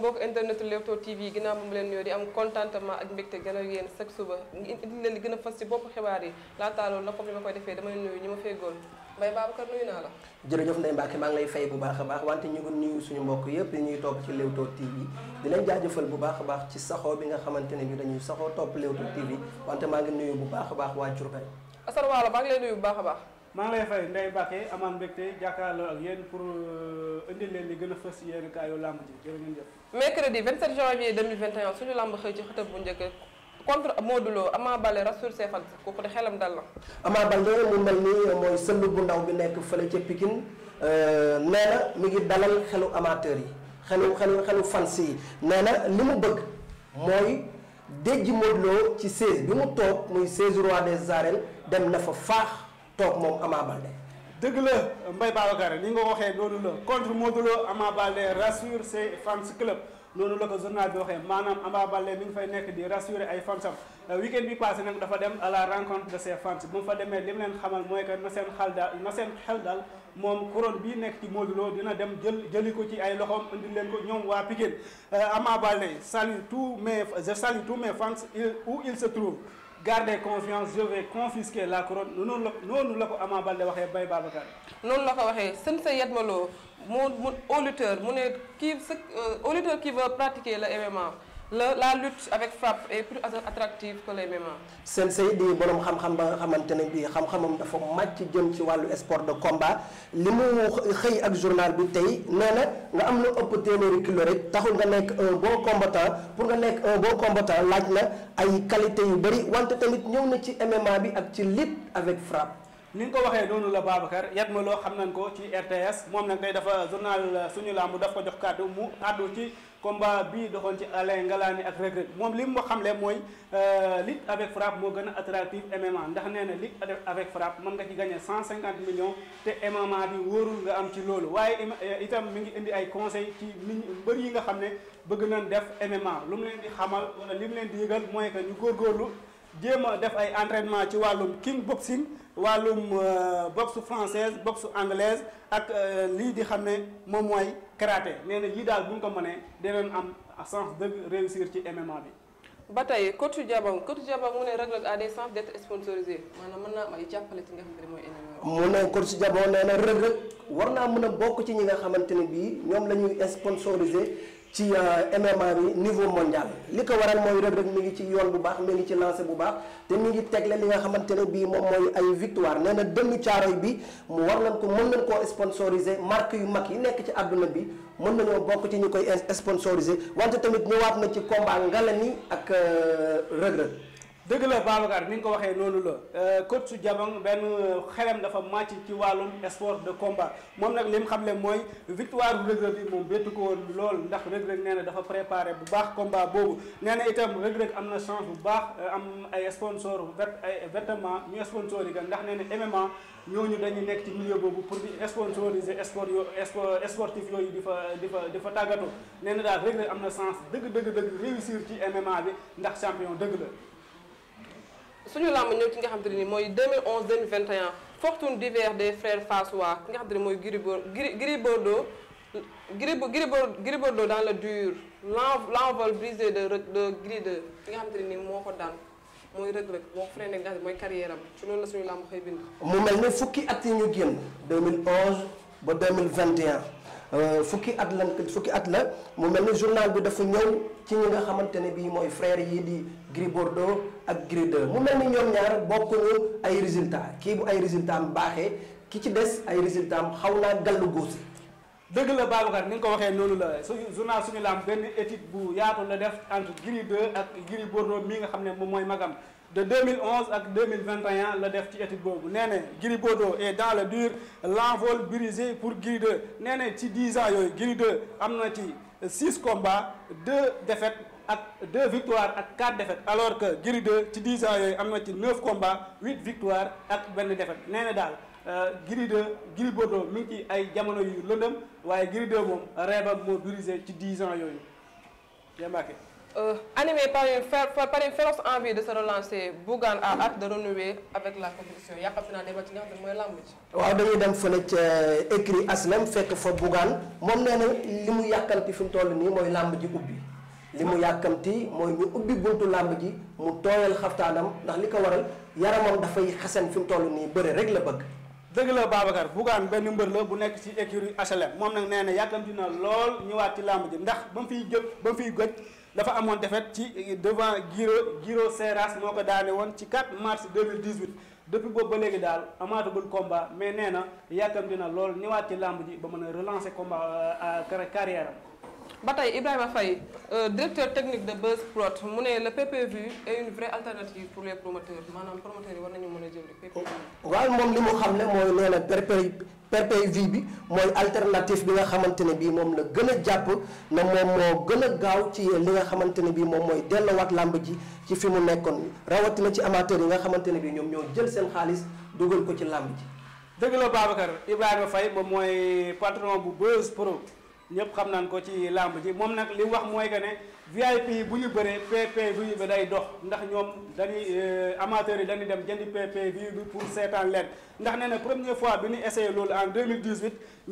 kon boog internet Leewtoo TV ginnaaw ba mu leen nuyoo di am contentement ak mbégte gën a yéen chaque suba indi leen gën a fas ci bopp xibaar yi laata loolu la comme ma koy defee dama nuyu ñu ma feggoon Mbaye Babacar nuyu naa la jërëjëf Ndeye Mbacke maa ngi lay fay bu baax a baax wante ñu ngi nuyu suñu mbokk yëpp di ñuy topp ci Leewtoo TV di leen jaajëfal bu baax a baax ci saxoo bi nga xamante ne ñu dañuy saxoo topp Leewtoo TV wante maa ngi nuyu bu baax baax waa Diourbel Asar Waalo baax maa ngi fa fay Ndeye Mbacke amaan mbégte jàkkaarloo ak yéen pour euh, indil leen li gën a fës yéen kaayu làmb ji jërë ngeen jëf. mercredi 27 janvier 2021 suñu làmb xëy ci xëtëb bu njëkk contre Modou Lo Ama rassur seefan kooku de xelam dal na. Ama Baldé mu mel nii mooy sëll bu ndaw bi nekk fële ca Pikine euh, nee na mi ngi dalal xelu amateur yi xelu xelu xelu fans yi nee na li mu bëgg mooy. déjji Modou Lo ci 16 bi mu toog muy 16 roi des arènes dem na fa faax. toog moom Ama Baldé. dëgg la Mbaye Babacar ni nga ko waxee noonu la contre Modou Lo Ama Baldé rassure ses fans club noonu la ko journal bi waxee maanaam Ama Baldé mi ngi fay nekk di rassurer ay fansam euh, weekend bi passé nag dafa dem à la rencontre de ses fans bu mu fa demee li leen xamal mooy que na seen xel daal na seen xel daal moom couronne bii nekk ci Modou Lo dina dem jël jëli ko ci ay loxoom indi leen ko ñoom waa Pikine euh, Ama Baldé salue tous mes je salue tous mes fans où ils garder confiance je vais confisquer la couronne noonu la noonu la ko Ama Baldé waxee Baye Babacar. noonu la ko waxee sën sa yetmaloo moo mu au lutteur mu ne kii sa euh, au lutteur qui veut pratiquer le la la lutte avec frappe est plus attractive que les MMA. seen say di borom xam-xam ba xamante ne bii xam-xamam dafa màcc jëm ci wàllu sport de combat li mu xëy ak journal bi tey nee na nga am na ëpp téeméeri kilo taxul nga nekk un bon combattant pour nga nekk un bon combattant laaj na ay qualité yu bëri wante tamit ñëw na ci MMA bi ak ci lutte avec frappe. ni nga ko waxee noonu la Babacar yat ma loo xam nañ ko ci RTS moom nañ koy dafa journal suñu làmb daf ko jox kàddu mu àddu combat bii doxoon ci Alain Ngalani ak Reug moom li mu xamle mooy euh, lutte avec frappe moo gën a attractif MMA ndax nee na lutte avec frappe mën nga ci cent 150 millions te MMA bi wóorul nga am ci loolu waaye euh, itam mi ngi indi ay conseils ci nit mbër yi nga xam ne bëgg nañ def MMA lu mu leen di xamal wala li mu leen di yëgal mooy que ñu góorlu jéem a def ay entraînement ci wàllum king boxing wàllum euh, boxe française boxe anglaise ak euh, lii di xam ne moom mooy karaté nee na yii daal bu ñu ko mënee dinañ am chance dëgg réussir ci MMA bi. ba tey coach Diabang coach Diabang mu ne Reug Reug a des chances d'être sponsorisé maanaam mën naa am ay jàppale ci nga xamante ne mooy MMA. mu ne coach Diabang nee na Reug war naa mën a bokk ci ñi nga xamante ne bii ñoom la ñuy sponsorisé. ci euh, MMA bi niveau mondial li ko waral mooy Reug Reug mi ngi ci yoon bu baax mi ngi ci lancé bu baax te mi ngi teg tegle li nga xamante ne bii moom mooy ay victoire nee na dënnu caaroy bi mu war nañ ko mën nañ koo sponsoriser marque yu mag yi nekk ci àdduna bi mën nañoo bokk ci ñu koy sponsoriser wante tamit ñëwaat na ci combat Ngalani ak euh, Reug dëgg la Babacar ni nga ko waxee noonu la euh, coach su Jabang benn euh, xelam dafa màcc ci wàllum sport de combat moom nag li mu xam le mooy victoire bu Reug Reug bi moom bettu ko woon lool ndax Reug Reug nee na dafa préparé bu baax combat boobu nee na itam Reug Reug am na chance bu baax euh, am ay sponsor ay vêtement ñu sponsor yi kan ndax nee na MMA ñooñu dañuy nekk ci milieu boobu pour di sponsoriser sport yo sportif yooyu di fa di fa di fa tàggatoo nee na daal Reug am na chance dëgg dëgg dëgg réussir ci MMA bi ndax champion dëgg la suñu làmb ñëw ci nga xam te nii mooy 2011 2021 fortune d'hiver des frères Fassois ki nga xam te ne mooy Gris Gris Bordeaux Gris Bordeaux dans le dur l'envol brisé de de Gris 2 ki nga xam te ne nii moo ko daan mooy Reug Reug boo freiné nga xam mooy carrière am ci loolu la suñu làmb xëy bind. mu mel ne fukki at yi ñu génn 2011 ba 2021. Euh, fukki at lan fukki at la mu mel ni journal bi dafa ñëw ci ñi nga xamante ne bii mooy frère yi di Gris Bordeaux ak Gris 2 mu mel ni ñoom ñaar bokkuñu ay résultat kii bu ay résultat am baaxee ki ci des ay résultat xaw naa gall góosi dëgg la Babacar ni nga ko waxee noonu la suñu journal suñu am benn étude bu yaatu la def entre Gris 2 ak Gris Bordeaux mi nga xam ne moom mooy magam de 2011 ak 2021 la def ci étude boobu nee na Gris Bordeaux est dans le dur l'envol pour Gris 2 nee na ci 10 ans yooyu Gris am na ci 6 combats 2 défaites ak 2 victoires ak 4 defet alors que Gris ci 10 ans yooyu am na ci 9 combats 8 victoires ak benn défaite nee na daal. Euh, Gris 2 Gris Bordeaux mi ci ay jamono yu lëndëm waaye Gris 2 moom reebam moo brisé ci 10 ans yooyu yaa Mbacké Euh, animé par une par une féroce envie de se relancer Bougane a hâte de renouer avec la compétition yaakaar naa ne ci nga xam mooy làmb ci. waaw dañuy dem fële ca euh, écrit aslem fekk fa Bougane moom nee na li mu yàkkamti fi mu toll nii mooy làmb ji ubbi li mu yàkkamti mooy ñu ubbi buntu làmb ji mu tooyal xaftaanam ndax li ko waral yaramam dafay xasan fi mu toll nii bëre rek la bëgg. dëgg la Babacar Bougane benn mbër la bu nekk ci écurie HLM moom nag nee na yàkkamti na lool ñëwaat ci làmb ji ndax ba mu fiy jëp ba mu fiy gëj dafa amoon defet ci devant Giro Giro Seras moo ko daane woon ci 4 mars 2018 depuis boobu ba léegi daal amaatagul combat mais nee na yàkkamti na lool ñëwaat ci làmb ji ba mën a relancer combat euh, carrière am ba tey Ibrahima Faye euh, directeur technique de Buzz Prod mu ne le PPV est une vraie alternative pour les promoteurs maanaam promoteurs yi war nañu mën a jël PPV. Oh, waaw moom li xam ne mooy nee na PPV bi mooy alternative bi nga xamante ne bii moom la gën a jàpp na moom moo gën a gaaw ci li nga xamante ne bii moom mooy delluwaat làmb ji ci fi mu nekkoon na ci amateur yi nga xamante ne bii ñoom ñoo jël seen xaalis dugal ko ci làmb ji. dëgg la Babacar Ibrahima Faye moom mooy patron bu Buzz Prod. ñëpp xam nañ ko ci làmb ji moom nag li wax mooy que ne VIP yi bu ñu bëree PPV bi day dox ndax ñoom dañuy euh, amateurs yi dañuy dem jëndi PPV bi pour seetaan leen ndax nee na première fois bi ñu essayé loolu en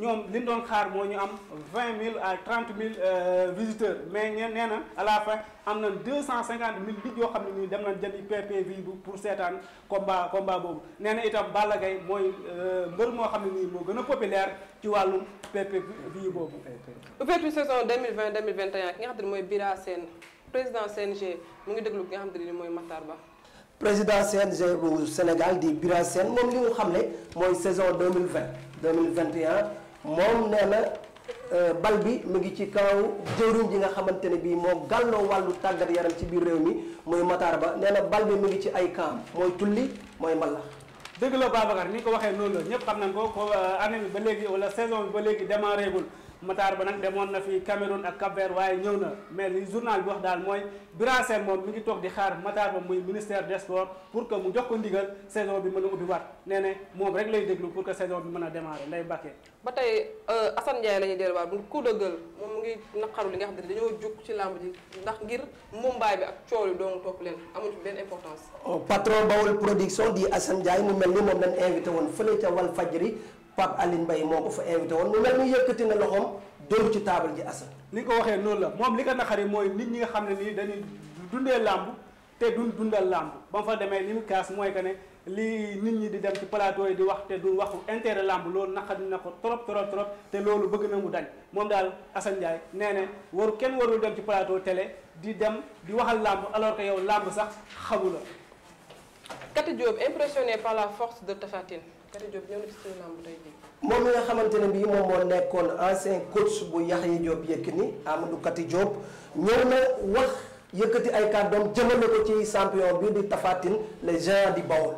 ñoom li ñu doon xaar moo ñu am 20 000 à 30 000 euh, visiteurs mais ñeen nee na à la fin am na 250 000 nit yoo xam ne nii dem na jëndi PPV bi pour seetaan combat combat boobu nee na itam Balla Gaye mooy euh, mbër moo xam ne nii moo gën a populaire ci wàllum PPV boobu. ouverture saison 2020 seen président CNG mu ngi déglu ki nga xam mooy Matar Ba. président CNG bu Sénégal di Bira Sène moom li mu xam ne mooy saison 2020 2021 moom nee na euh, bal bi mu ngi ci kaw jëwriñ ji nga xamante ne bii moo gàlloo wàllu tàggat yaram ci biir réew mi muy Matar Ba nee na bal bi mu ngi ci ay camp mooy tulli mooy mbalax. dëgg la Babacar ni ko waxee noonu la ñëpp xam na ko ko euh, année bi ba léegi wala saison bi ba léegi démarré gul. Matar Ba nag demoon na fi Cameroun ak cap waaye ñëw na mais li journal bi wax daal mooy Bira Sène moom mi ngi toog di xaar Matar Ba muy ministère des sports pour que mu jox ko ndigal saison bi mën a ubbi waat nee ne moom rek lay déglu pour que saison bi mën a démarrer lay bàkkee ba tey euh, Assane Ndiaye la ñuy delluwaat bu coup de gueule moom mu ngi naqaru li nga xam ne dañoo jug ci làmb ji ndax ngir mumbaay bi ak coow yi doon topp leen amul benn i oh, patron Bawol production di Assane Ndiaye mu mel ni moom lañ Pape Aline mbay moo ko fa invité woon mu mel ni yëkkati na loxoom dóor ci taabal ji Assane. li ko waxee noonu la moom li ko naqari mooy nit ñi nga xam ne nii dañuy dundee làmb te du dundal làmb ba mu fa demee li mu kaas mooy que ne li nit ñi di dem ci plateau yi di wax te du waxu intérêt làmb loolu naqari na ko trop trop trop te loolu bëgg na mu dañ moom daal Assane Ndiaye nee na waru kenn warul dem ci palaato tele di dem di waxal làmb alors que yow làmb sax xamu la. Kati Diop impressionné par la force de Tapha moom mi nga xamante ne bii moom moo nekkoon ancien coach bu yi Yaxya Diop Yékini Amadou Kati Diop ñëw na wax yëkkati ay kàddoom jëmale ko ci champion bi di tafaatin Tine les géants du Baol.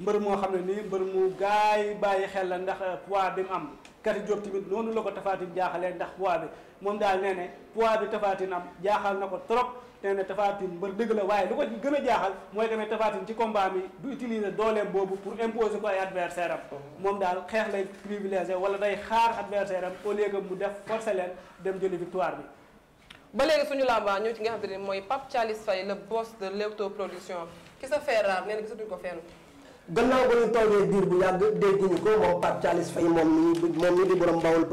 mbër moo xam ne nii mbër mu gaay bàyyi xel la ndax poids bi am Kati Diop tamit noonu la ko Tapha Tine jaaxalee ndax poids bi moom daal nee ne poids bi Tapha am jaaxal na ko trop. nee na Tapha Tine mbër dëgg la waaye lu ko gën a jaaxal mooy que ne Tapha Tine ci combat mi utiliser dooleem boobu pour imposer ko ay adversaire am moom daal xeex lay privilégié wala day xaar adversaire am au lieu mu def forcer leen dem jëli victoire bi ba léegi suñu làmba ñëw ci nga xam te ne mooy Pape Thialis Faye le boss de l'auto production ki sa feeraar nee na gisatuñu ko fenn gannaaw ba ñu toogee diir bu yàgg dégguñu ko moom Pape Thialis Faye moom ni moom ni di borom bawul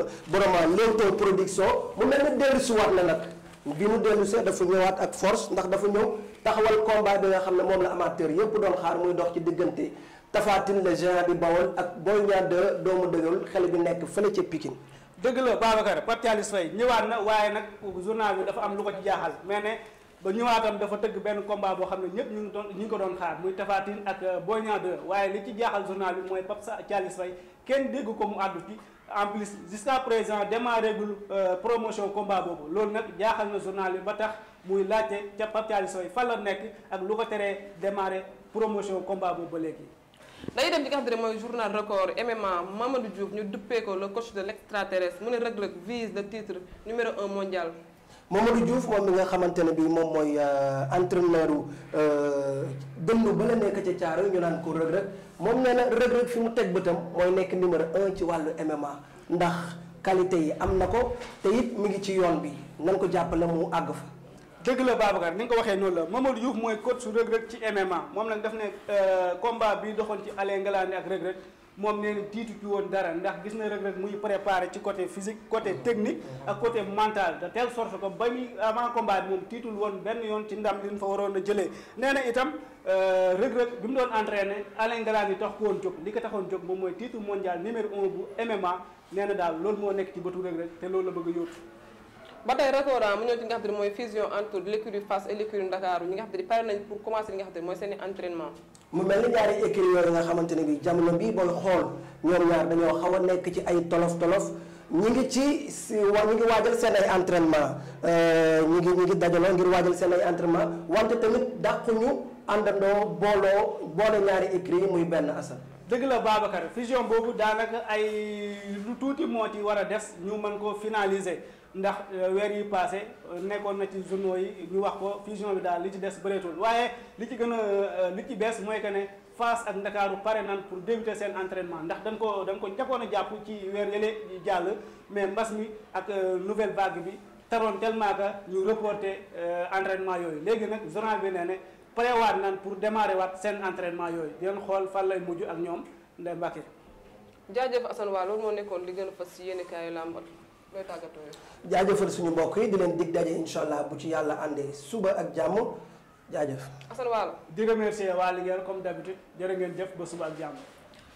production mu mel ni dellusi waat bi mu dellu see dafa ñëwaat ak force ndax dafa ñëw taxawal combat bi nga xam ne moom la amateur yëpp doon xaar muy dox ci diggante Tafatine le géant di Bawol ak Boy Niang 2 doomu dëgël xale bi nekk fële ca Pikine. dëgg la Babacar Pape Thialis Faye ñëwaat na waaye nag journal bi dafa am lu ko ci jaaxal mais ne ba ñëwaatam dafa tëgg benn combat boo xam ne ñëpp ñu ngi doon ñu ngi ko doon xaar muy Tafatine ak Boy Niang 2 waaye li ci jaaxal journal bi mooy Pape Thialis Faye kenn dégg ko mu àddu ci. en plus jusqu'à présent démarré gul euh, promotion combat boobu loolu nag jaaxal na journal bi ba tax muy laajte ca Pape yi Sow fan la nekk ak lu ko teree démarré promotion combat boobu ba léegi. dañuy dem ci nga xam ne mooy journal record MMA Mamadou Diouf ñu duppee ko le coach de l'extraterrestre mu ne Reug Reug vise le titre numéro un mondial. Mamadou Diouf moom mi nga xamante ne bii moom mooy euh, entraîneur euh, dënd ba la nekk ca caaro ñu naan ko rëg-rëg moom nee na rëg-rëg fi mu teg bëtam mooy nekk numéro un ci wàllu MMA ndax qualité yi am na ko te it mi ngi ci yoon bi nan ko jàppale mu àgg fa. dëgg la Babacar ni nga ko waxee noonu la Mamadou Diouf mooy coach su rëg-rëg ci MMA moom nag daf ne euh, combat bi doxoon ci Alain Ngalani ak rëg rek moom nee na tiitu ci woon dara ndax gis na Reug Reug muy préparé ci côté physique côté technique ak côté mental de telle sorte que ba muy avant combat bi moom tiitul woon benn yoon ci ndam li ñu fa waroon a jëlee nee na itam euh, Reug Reug bi mu doon entraîné Alain Galan yi tax ko woon jóg li ko taxoon jóg moom mooy titre mondial numéro un bu MMA nee na daal loolu moo nekk ci bëtu Reug te loolu la bëgg a yóotu ba tey record mu ñëw ci nga xam te ne mooy fusion entre l'écurie Fass et l'écurie Ndakaaru ñi nga xam te ne pare nañ pour commencer li nga xam te ne mooy seen i entraînement mu mel ni ñaari écurie yooyu nga xamante ne bi jamono bii booy xool ñoom ñaar dañoo xaw a nekk ci ay tolof-tolof ñi ngi ci si wa ñi ngi waajal seen ay entraînement euh, ñi ngi ñi ngi dajaloo ngir waajal seen ay entraînement wante tamit dàquñu àndandoo booloo boole ñaari écurie yi muy benn asal dëgg la Babacar fusion boobu daanaka ay lu tuuti moo ci war a des ñu mën ko finaliser ndax euh, weer yi passé euh, nekkoon na ci journaux yi ñu wax ko fusion bi daal li ci des bëreetul waaye li ci gën a euh, li ci bees mooy que ne Fass ak Ndakaaru pare nan pour débuter seen entraînement ndax dañ ko dañ ko njëkkoon a jàpp ci weer yële jàll mais mbas mi ak nouvelle vague bi taroon tellement que ñu reporté entraînement yooyu léegi nag journal bi nee ne préwaat nan pour démarrer waat seen entraînement yooyu di xool fan lay mujj ak ñoom Ndeye Mbacke. jaajëf Assane waa loolu moo nekkoon li gën a fas yéene kaayu làmbat jaajëfal suñu mbokk yi di leen dig daje incha allah bu ci yàlla àndee suba ak jàmm jaajëf. asalaamaaleykum. di remercier waa Linguère comme d'habitude jërë ngeen jëf ba suba ak jàmm.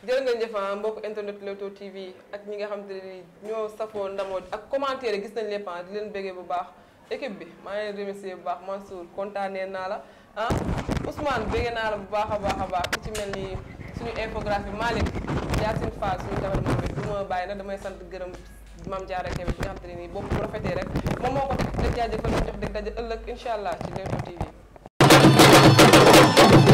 jërë ngeen jëf ah mbokk internet Leewtoo TV ak ñi nga xam te ne ñoo safoo ndamoo ak commentaire gis nañ lépp ah, di leen bëggee bu baax équipe bi maa ngi leen remercier bu baax Mansour kontaanee naa la ah Ousmane bëggee naa la bu baax a baax a baax ku ci mel ni suñu infographie Malick Yacine Fall suñu damay sant gërëm. maam Diarra Kébé bi nga xam te ne nii boobu bu rafetee rek moom moo ko teg jaajëfal jox dëgg daje ëllëg incha allah ci Leewtoo TV.